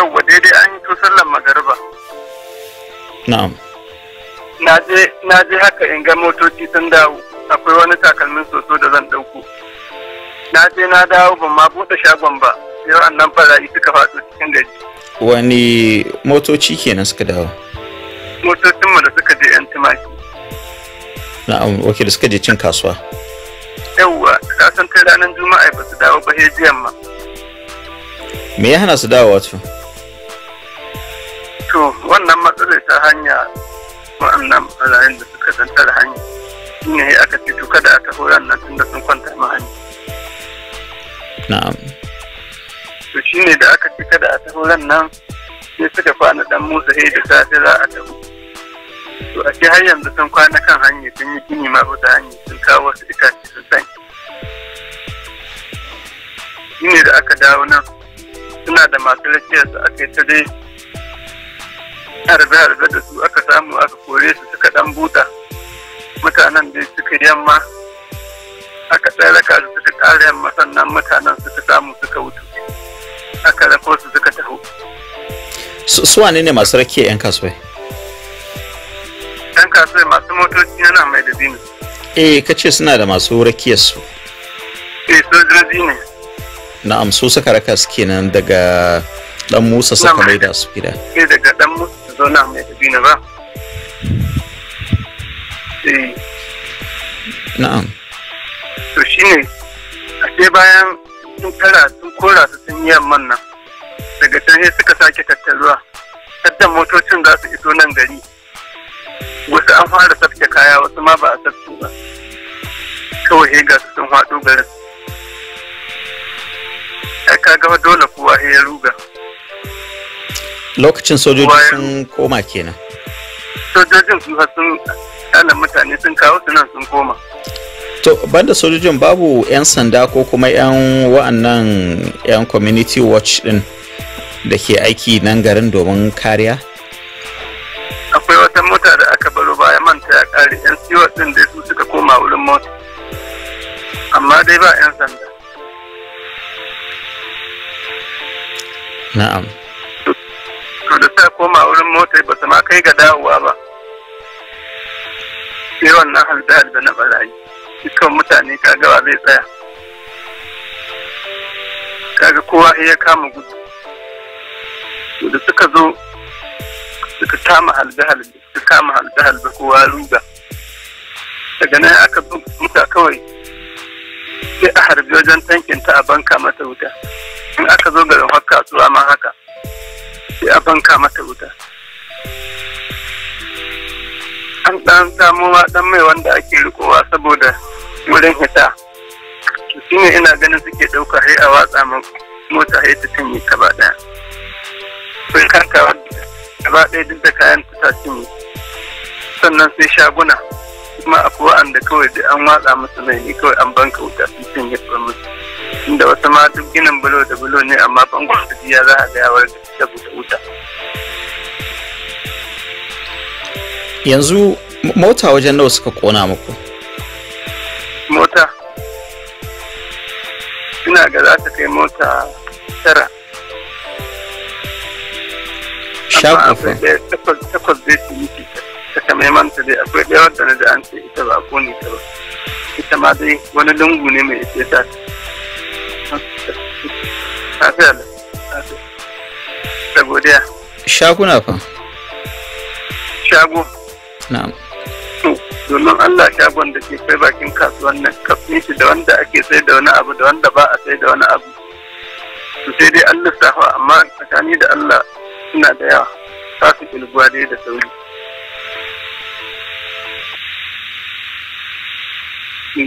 yauwa daidai an yi to sallar magariba na'am na je haka in ga motoci sun dawo akwai wani takalmin soso da zan dauko na je na dawo ban ma bude shagon ba yau annan fara'i suka faɗo cikin gari wani motoci kenan suka dawo motocinmu da suka je yan tumaki na'am wake da suka je cin kasuwa yauwa kasan kai ranar juma'a ba su dawo ba jiyan ma me ya hana su dawo wato to wannan matsalar ta hanya wa'annan barayin da suka zantar hanya shi ne aka ce to kada a taho nan tun da sun kwanta ma hanya na'am to shi ne da aka ce kada a taho nan sai suka kwana dan motsa da safe za a taho to a ce har yanzu sun kwana kan hanya sun yi gini ma da hanya sun kawo wasu itace sun san shi ne da aka dawo nan suna da masu su a kai ta dai a riga da su aka samu aka kore su suka dan buta mutanen da suka yamma aka tsaraka su suka kare yamma sannan mutanen suka samu suka wuce aka rako su suka taho su wane ne masu rakiya 'yan kasuwai yan kasuwai masu motoci yana mai da zini eh ka ce suna da masu rakiyar su eh sojoji ne na'am su suka raka su kenan daga dan musa suka da su gida eh daga dan musa zauna mai tafi ba na'am to a sai bayan sun tara sun kora su sun yi yamman nan daga can sai suka sake tattaruwa kaddan motocin za su iso nan gari wasu an fara tafke kaya wasu ma ba a tafke ba kawai ga su sun haɗo garin ai ka gama dole kowa ya ruga lokacin sojoji sun koma kenan sojojin sun sun kalan mutane sun kawo su nan sun koma to banda sojojin babu 'yan sanda ko kuma 'yan wa'annan 'yan community watch din da ke aiki nan garin domin kariya akwai wata mota da aka baro baya manta ya kare 'yan siwa din da su suka koma wurin mota amma dai ba 'yan sanda na'am to da ta koma wurin mota ba su ma kai ga dawowa ba sai wannan halda da na barayi dukkan mutane kagawa ba zai tsaya kaga kowa ya kama gudu to da suka zo suka kama halda halda suka kama halda halda kowa ruga daga nan aka zo muta kawai sai a harbi wajen tankin ta a banka mata wuta in aka zo garin hakka su ma haka sai a banka mata wuta an ɗan samo ɗan mai wanda ake rikowa saboda wurin hita shi ne ina ganin suke ɗauka hai a watsa mota hai ta cinye ba ɗaya sun kanka ba ɗaya duk da kayan ta cinye sannan sai shaguna kuma akwai wa'anda kawai da an watsa musu mai ni kawai an banka wuta sun cinye musu da wasu ma duk ginin bulo da bulo ne amma bangon ya za a ga yawar da wuta yanzu mota wajen nawa suka kona muku mota ina ga za ta kai mota tara ɗaya takwas zai su yi ta kame manta dai akwai ɗaya wadda na da an ce ita ba ko ne ta ba ita ma dai wani lungu ne mai ita ta Lafiya Shaguna fa? Shago. Na'am. domin Allah shagon da ke kai bakin kasuwan nan kafin shi da wanda ake sai da wani abu da wanda ba a sai da wani abu su sai dai Allah safa amma tsakani da Allah suna da yawa ta su kilguwa dai da sauri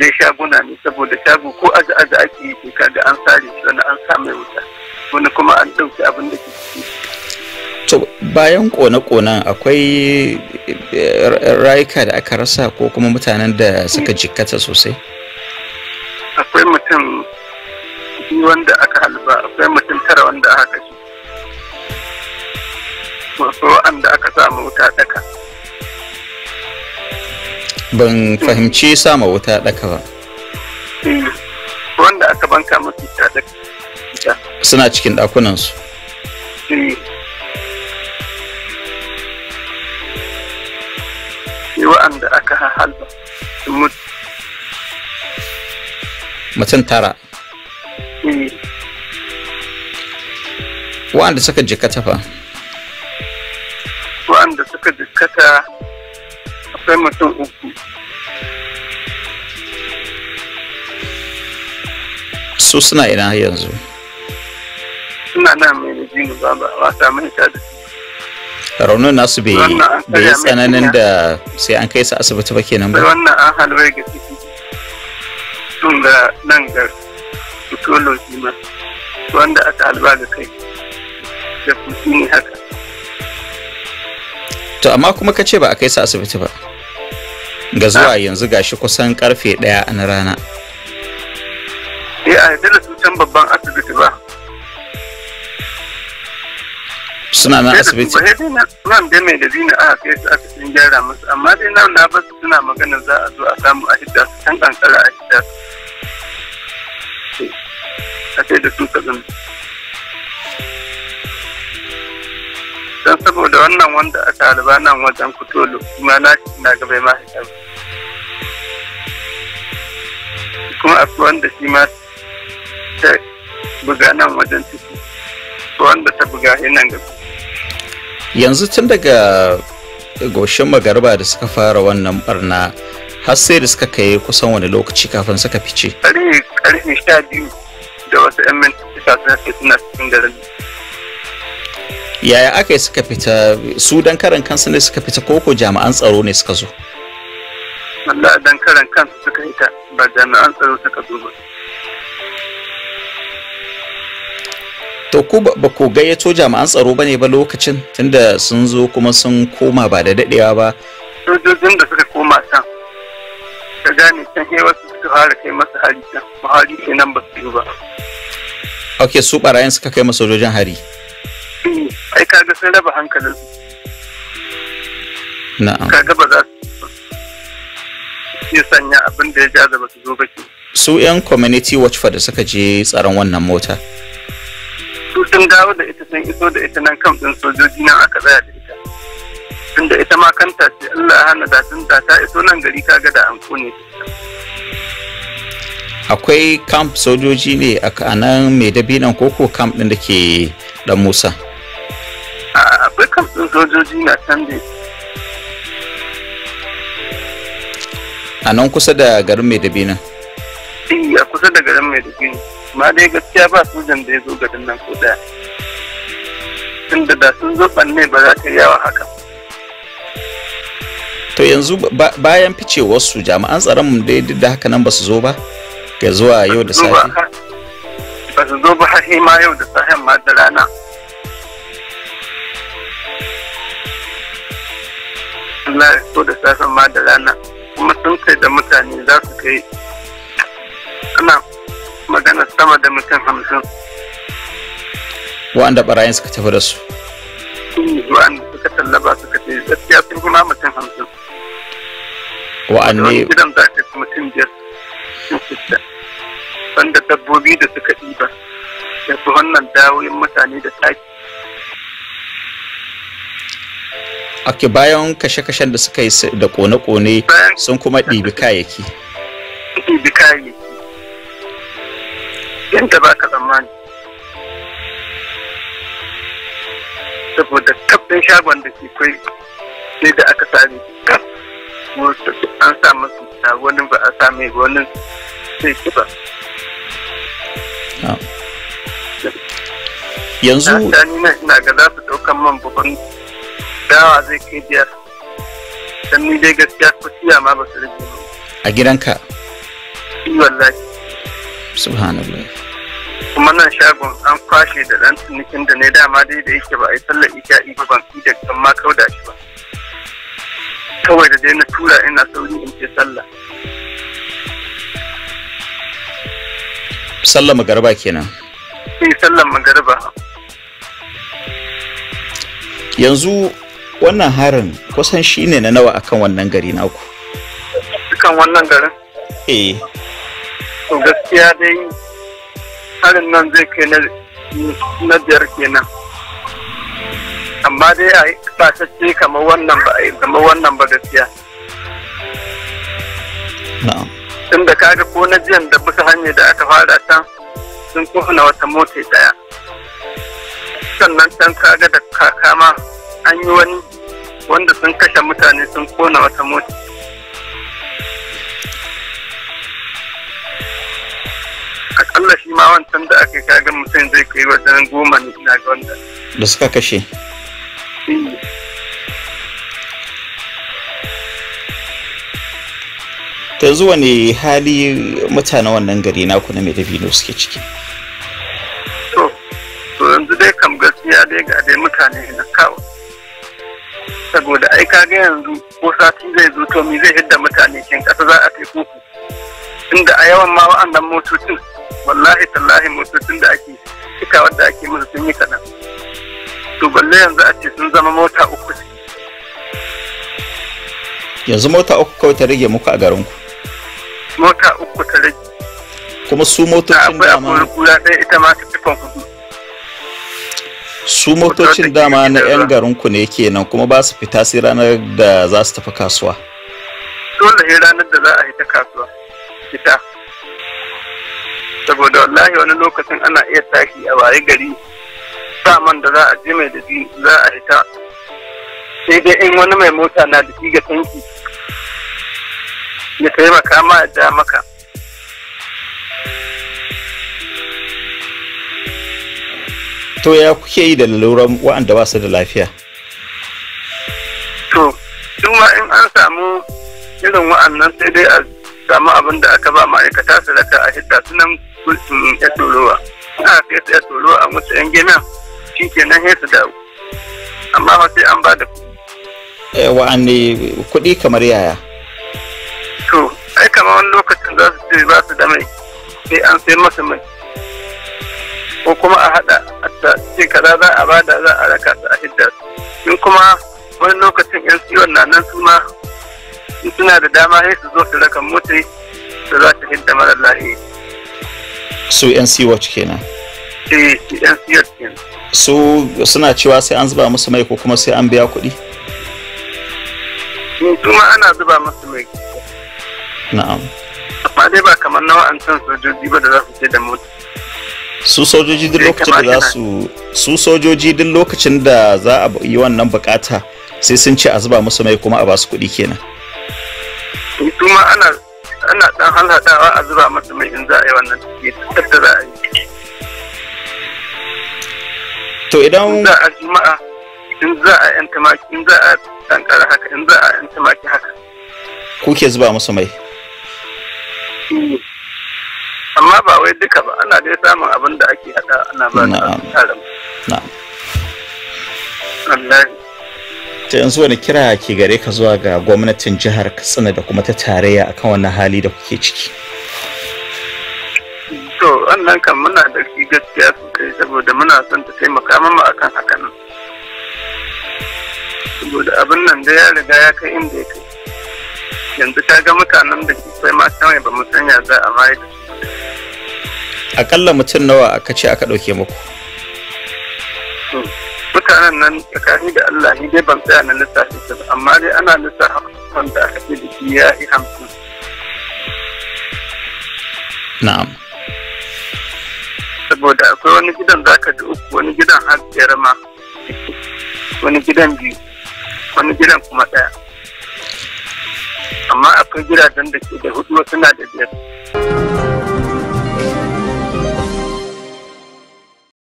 dai shaguna ne saboda shago ko aji aji ake yi ka ga an sare shi wani an sa mai wuta wani kuma an ɗauki abin da ke to bayan kone-konen akwai eh, rayuka da aka rasa ko kuma mutanen da suka jikkata sosai akwai mutum biyu wanda aka halba akwai mutum tara wanda aka kashi wasu wanda aka samu wuta daka ban fahimci sama wuta daka ba eh, wanda aka banka masu wuta daka suna cikin ɗakunansu waɗanda aka halba mutum tara eh. Waɗanda suka jikata fa Waɗanda suka jikata akwai mutum uku su suna ina yanzu suna nan mai ba ba sa mai sa raunin nasu bai yi tsananin da sai an kai su asibiti ba kenan ba wannan an halwai ga ciki tun ga nan ga psychology ma wanda aka halwa ga kai da kusi ne haka to amma kuma ka ce ba a kai su asibiti ba ga zuwa yanzu gashi kusan karfe daya na rana eh a yadda da su can babban asibiti ba suna nan asibiti ba eh, dai na man da mai da zina a kai su asibitin gyara musu amma dai na na basu suna magana za a zo a samu a hidda su can kankara a hidda su a kai da su ka zama. don saboda wannan wanda aka halba nan wajen kutolo kuma na na gaba ma hidda kuma su wanda shi ma ta buga nan wajen ciki wanda ta buga yanan gaba yanzu tun daga goshin magarba da suka fara wannan barna har sai da suka kai kusan wani lokaci kafin suka fice karfe sha biyu da wasu yan mintuna suna cikin garin yaya aka yi suka fita su dan karan kansu ne suka fita koko jami'an tsaro ne suka zo Allah dan karan kansu suka fita ba jami'an tsaro suka zo ba to ku ba ku gayyato jami'an tsaro bane ba lokacin tunda sun zo kuma sun koma ba da dadewa ba sojojin da suka koma can ka gane can sai wasu suka fara kai masa hari can hari ke nan ba su yi ba ok su barayin suka kai masa sojojin hari eh, ai ka ga sun raba hankalin na'am kaga ba za su yi sanya abin da ya ja da ba su zo ba su 'yan community watch da suka je tsaron wannan mota sun dawo da ita sun iso da ita nan kam ɗin sojoji nan aka tsaya da ita tunda ita ma kanta sai Allah ya hana da tun da ta iso nan gari ka ga da an kone akwai camp sojoji ne a nan mai dabinan koko camp ɗin da ke dan musa akwai camp ɗin sojoji na can ne a nan kusa da garin mai dabinan a kusa da garin mai dabinan ma dai gaskiya ba su da ya zo garin nan ko daya tunda da sun zo ne ba za ta yawa haka to yanzu bayan wasu jami'an tsaron mu dai da haka nan ba su zo ba ga zuwa yau da safe ba su zo ba har ma yau da safe ma da rana Allah so da safen ma da rana kuma sun kai da mutane za su kai ana magana sama da mutum hamsin wa'anda barayin suka tafi da su wa'anda suka tallaba suka ce gaskiya sun kuma mutum hamsin wa'anne gidan za ka mutum biyar banda dabbobi da suka ɗiba da su wannan dawoyin mutane da taki ake bayan kashe-kashen da suka yi da kone-kone sun kuma ɗibi kayayyaki ɗibi kayayyaki yadda ba ka tsammani saboda kafin shagon da ke kai sai da aka sami an sa masu ta wani ba a sami wani sai ki ba ah. yanzu na ga za su ɗaukan man buhun dawa zai kai biyar dan ni dai gaskiya ko siya ma ba su rage a gidanka wallahi subhanallah kuma nan shagon an kwashe da dan tunikin da ne dama dai da yake ba a yi sallar isha'i ba ban fi da kan ma kauda shi ba kawai da dai na tura ina sauri in ce sallah sallar magarba kenan sai eh, sallar magarba yanzu wannan harin kusan shi ne na nawa akan wannan gari naku akan wannan garin eh to gaskiya dai harin nan zai kai na biyar kenan amma dai a yi kasashe kamar wannan ba a kamar wannan ba gaskiya tun da kaga ko na jiyan da bisa hanyar da aka fara can sun kofina wata mota daya sannan can kaga da kakama an yi wani wanda sun kashe mutane sun kona wata mota akalla shi ma wancan da aka kaga mutum zai kai wajen goma ne ina ga wanda da suka kashe ta yanzu wani hali mutanen wannan gari na kuna na medavino suke ciki to to yanzu dai kam gaskiya dai ga dai mutane na kawo saboda ai kaga yanzu ko sati zai zo to mi zai hidda mutane kin kasa za a teku inda a yawan ma wa'annan motocin wallahi tallahi motocin da ake cika wanda ake musu sun yi kaɗan to balle yanzu a ce sun zama mota uku yanzu mota uku kawai ta rage muku a garin ku mota uku ta rage kuma su motocin dama akwai kura ɗaya ita ma ta tufan hudu su motocin dama na 'yan garin ku ne kenan kuma ba su fita sai ranar da za su tafi kasuwa dole sai ranar da za a yi ta kasuwa fita saboda wallahi wani lokacin ana iya tashi a waye gari saman da za a je mai da za a hita sai dai in wani mai mota na da ga tanki ya taimaka ma da maka to ya kuke yi da laluran wa'anda ba su da lafiya to ma in an samu irin wa'annan sai dai a samu abin da aka ba ma'aikata su da ta, a hita sunan ya turuwa a kai ta ya turuwa a musu yan gina shi nan ya su dawo amma ba sai an ba da kuɗi. Eh, wa'anne kuɗi kamar yaya to ai kamar wani lokacin za su ce ba su da mai sai an sai masa mai ko kuma a haɗa a ce kaza za a bada za a raka su a hidda in kuma wani lokacin yan siyon na nan su ma suna da dama sai su zo su raka mutu da za su hidda mara lahiya su yan watch kenan eh watch kenan su suna cewa sai an zuba musu mai ko kuma sai an biya kuɗi kuma ana zuba musu mai na'am amma dai ba kamar na wa'ancan sojoji ba da za su ce da mota su sojoji duk eh, lokacin da za su su sojoji duk lokacin da za a yi wannan bukata sai sun ce a zuba musu mai kuma a ba su kuɗi kenan kuma ana ana dan hadawa a zuba masa mai in za a yi wannan ciki da za a yi to idan za a juma'a in za a yan tamaki in za a tankara haka in za a yan tamaki haka ke zuba masa mai amma ba wai duka ba ana dai samun abin da ake hada ana ba da na'am na'am ta yanzu wani kira ke gare ka zuwa ga gwamnatin jihar katsina da kuma ta tarayya akan wannan hali da kuke ciki to wannan kan muna da shi gaskiya sosai saboda muna son ta taimaka mama akan hakan saboda abin nan da ya riga ya kai inda ya kai yanzu ka ga mutanen da ke sai ma kawai ba mu sanya za a mai da akalla mutum nawa aka ce aka ɗauke muku mutanen nan tsakani da Allah ni dai ban tsaya na lissafi ta ba amma dai ana lissafa wanda aka ce da shi ya yi hamsin. Na'am. Saboda akwai wani gidan za ka ji uku wani gidan har biyar ma wani gidan biyu wani gidan kuma ɗaya. Amma akwai gidajen da ke da hudu wasu na da biyar.